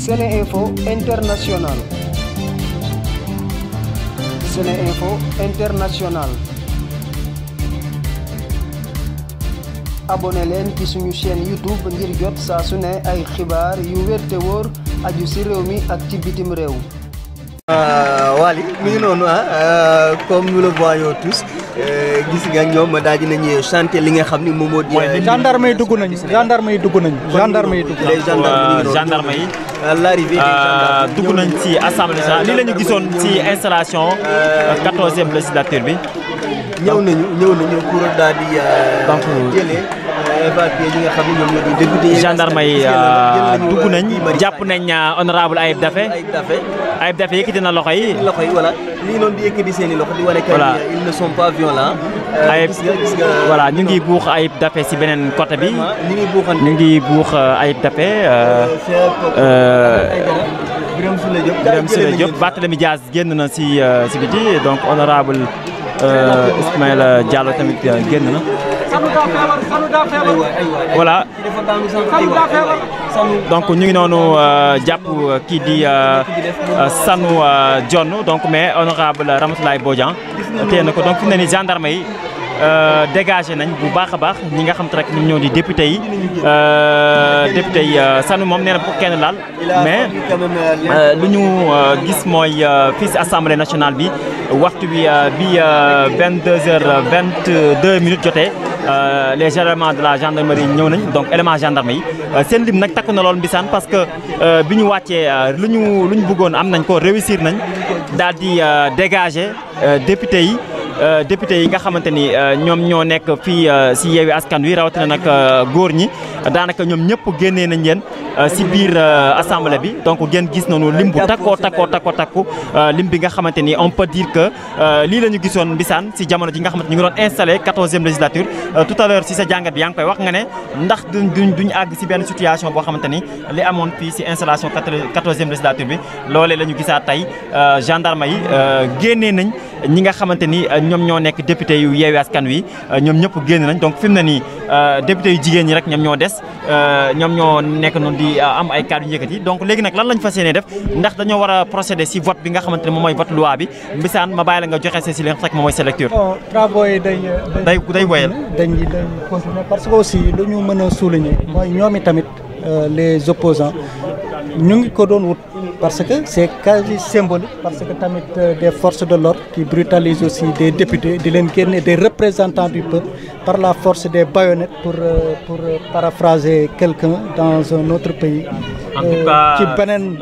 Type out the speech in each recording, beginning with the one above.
Sene Info International Sene leen ci suñu chaîne YouTube ngir jot saa su ne ay xibaar yu wér aju ci réew mi ak ci bitim réew. Ah, Wally mi noonu ah, ah comme nous le voyons Euh, gis nga ñoom daal di nañu chanter li nga xam ni moom moo di. Euh, gendarme yi dugg nañu gendarme yi dugg nañu. gendarme yi dugg nañu donc euh, gendarme yi. l'arrivée des gendarmes dugg nañ ci assemblée li la ñu gisoon ci installation 14e législature bi. ñëw nañu ñëw nañu pour daal di. donc gendarme yi euh, dugg nañ jàpp nañ euh, honorable Ayib Daffé Ayib Daffé yëkkati na loxo yi. loxo euh, yi voilà ñu doon loxo di ñu ngi buux Ayib Daffé si beneen côté bi. ñu ngi ñu ngi buux Ayib Daffé. Birame Souleye génn na si si biti donc honorable Ismaïla Diallo tamit génn na. voilà donc ñu ngi noonu euh, jàpp kii di euh, euh, Sanu Dione donc mais honorable Ramatoulaye Bodian téye na ko donc fi mu ne nii gendarme yi dégagé nañ bu baax a baax ñi nga xam te rek ñoom ñëw di député yi député Sanu moom nee na bu kenn laal mais lu ñu gis mooy fii si assemblée nationale bi waxtu bi bi 22 heures 22 minutes jotee. Euh, les éléments de la gendarmerie ñëw nañ donc élément gendarme yi euh, seen lim nag takku na lool mbisaan parce que euh, bi ñu wàccee lu ñu lu ñu bëggoon am nañ ko réussir nañ daal di dégager député yi Euh, député yi nga xamante ni euh, ñoom ñoo nekk fii euh, si yeewi askan wi rawatina nag góor ñi daanaka ñoom ñëpp génnee nañ leen si biir assemblée bi donc ngeen gis noonu lim bu takkoo takkoo takkoo takku lim bi nga xamante ni on peut dire que lii la ñu gisoon mbisaan si jamono ji nga xamante ni ñu ngi doon installé quatorzième législature tout si sa jàngat bi yaa ngi koy wax nga ne ndax duñ duñ àgg si benn situation boo xamante ni li amoon fii si installation quatorzième législature bi loolee la ñu gisaat tey gendarme yi génnee nañ ñi nga xamante ni euh, ñoom ñoo nekk député yu yeewi askan wi euh, ñoom ñëpp génn nañ donc fi mu nii euh, député yu jigéen ñi rek ñoom ñoo des ñoom ñoo nekk noonu di am ay kàddu njëkkat yi donc léegi nag lan lañ fas yéene def ndax dañoo war a procéder vote bi nga xamante ne moom mooy vote loi bi mbisaan ma bàyyi la nga joxe see si li nga mooy sa lecture. day. day day wéyal dañ dañ parce que aussi lu ñu mën a souligner. mooy ñoom itamit les opposants ñu ngi ko doon wut parce que c' est quasi symbolique parce que tamit euh, des forces de l'ordre qui brutalisent aussi des députés di leen génne des représentants du peuple par la force des baïonnettes pour euh, pour euh, paraphraser quelqu'un dans un autre pays. en tout ci beneen.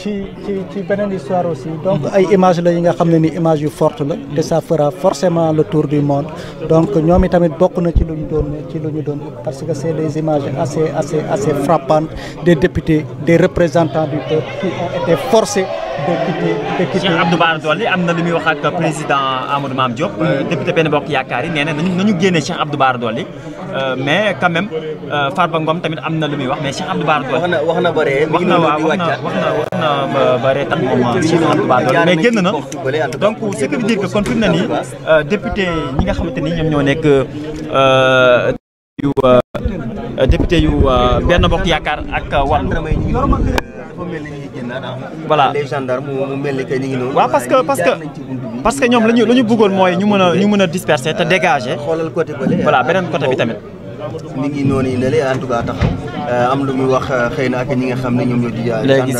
ci ci ci beneen histoire aussi donc ay image la yi nga xam ne ni image yu forte la te ça fera forcément le tour du monde donc ñoom itamit bokk na ci lu ñu doon ci lu ñu doon parce que c'est des images assez assez assez frappantes des députés des représentants du peuple qui dëkkite dëkkite Cheikh Abdou Bara am na lu muy wax ak président Amadou Mame Diop. Euh, député benn bokk yaakaar yi nee na nañu nañu génne Cheikh Abdou Bara Dolly euh, mais quand même euh, Farba tamit am na lu muy wax mais Cheikh Abdou Bara Dolly. wax na wax na bare wax na waaw wax na wax na bare tax moom Cheikh Abdou Bara Dolly mais génn na donc ce qui kon fi mu nii député ñi nga xamante ni ñoom ñoo nekk. yu euh, euh, député yu euh, benn bokk yaakaar ak wàllu voilà les gendarmes mu mel ni que ñu ngi noonu waaw parce que parce que parce que ñoom lañu la ñu bëggoon mooy ñu mën a ñu mën a disperser te dégager xoolal côté voilà beneen côté bi tamit ngi noonu yi ne en tout Euh, am lu muy wax euh, xëy na ak ñi nga xam ne ñoom ñoo di. Euh, léegi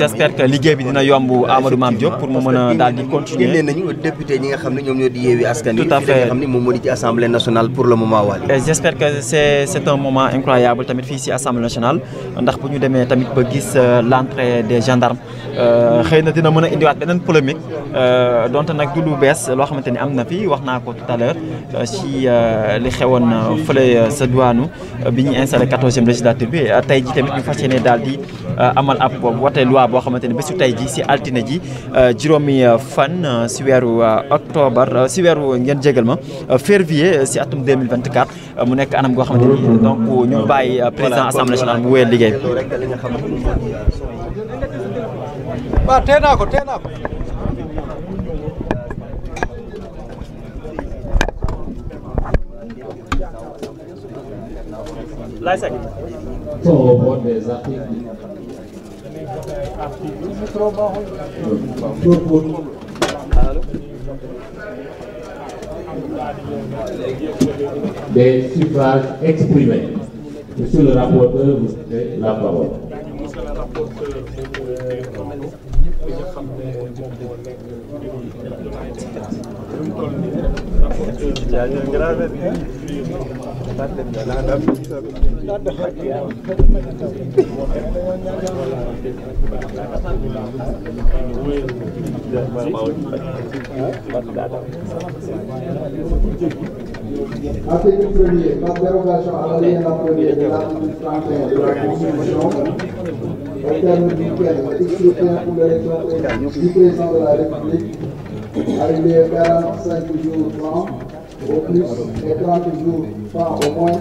liggéey bi dina yomb Amadou Mame Diop pour mu mën a daal di continuer génne nañu député ñi nga xam ne ñoom ñoo tout à fait nga moment incroyable tamit fii ci assemblée nationale ndax bu ñu demee tamit ba gis l'entrée des gendarmes xëy na dina mën a indiwaat beneen polémique donte nag du lu bees loo xamante ni am na fi wax naa ko tout à l'heure ci li xewoon fële sa douane bi ñu installé quatorzième législature tey ji ñu fas daal di euh, amal ab wote loi boo xamante ni bésu tey ji si altine ji euh, juróomi fan euh, si weeru octobre si weeru ngeen jégal ma février si atum 2024 mu nekk anam goo xamante ni donc ñu bàyyi président assemblée nationale mu liggéey waaw naa ko So what is happening? Des suffrages exprimés. Monsieur le rapporteur, vous avez la parole. bi nga xam ne moom moo nekk ñu ngi toll nii rapporteur bi. yaa ngi grave bi. Article 1er, la dérogation à l'alinéa 1er de l'article 31 de la Constitution intermédiaire expliquant pour l'élection du président de la République avec les 45 jours francs au plus et 30 jours francs au moins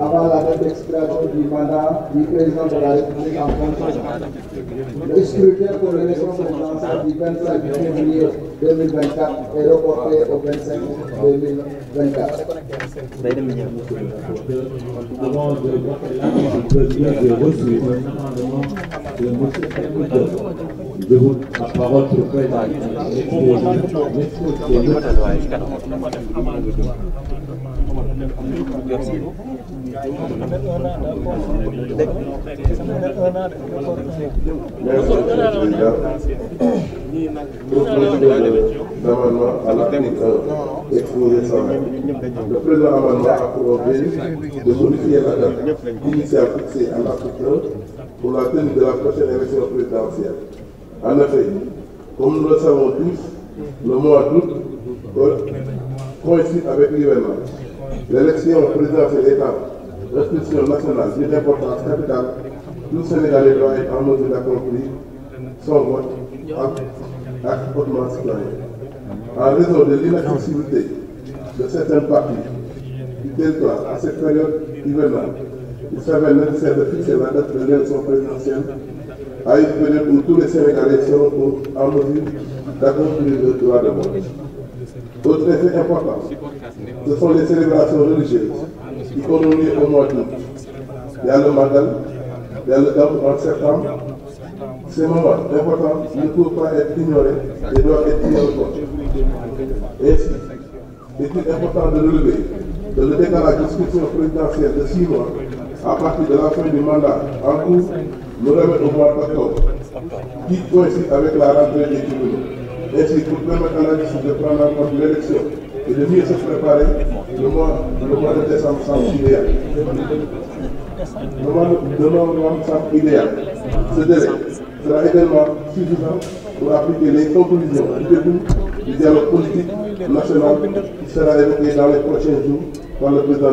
avant la date d'expiration du mandat du président de la République en 25 ans. Le scrutin pour l'élection présidentielle du 25 février 2024 est reporté au 25 2024. Nous avons de reçu gouvernement de monsieur Saint-Couteur de vous la parole sur le président. Merci. Merci. Merci. Merci. l'amendement à l'article 1, exposé 100. Le présent amendement a pour objet de modifier la date initiale fixée à l'article 1 pour la tenue de la prochaine élection présidentielle. En effet, comme nous le savons tous, le mois d'août coïncide avec l'hiver. L'élection présidentielle étant restriction nationale d'une importance capitale, tout Sénégalais doit être en mesure d'accomplir son vote en acte hautement citoyen. En raison de l'inaccessibilité de certains partis du territoire à cette période hivernale, il s'avère nécessaire de fixer la date de l'élection présidentielle à une période où tous les Sénégalais seront en mesure d'accomplir le droit de vote. D'autres effets importants, ce sont les célébrations religieuses qui continuent au mois d'août. Il y a le Magal, il y a le Gamou en septembre. Ces moments importants ne peuvent pas être ignorés et doivent être pris en compte. Ainsi, il est important de relever que le décalage de mandat en cours nous ramène au mois d'octobre, qui coïncide avec la rentrée des Ainsi, pour permettre à la justice de prendre en compte l'élection et de mieux se préparer, le de décembre semble idéal. Le mois de novembre semble idéal. Ce délai sera également suffisant pour appliquer les conclusions du début du dialogue politique national qui sera évoqué dans les prochains jours par le président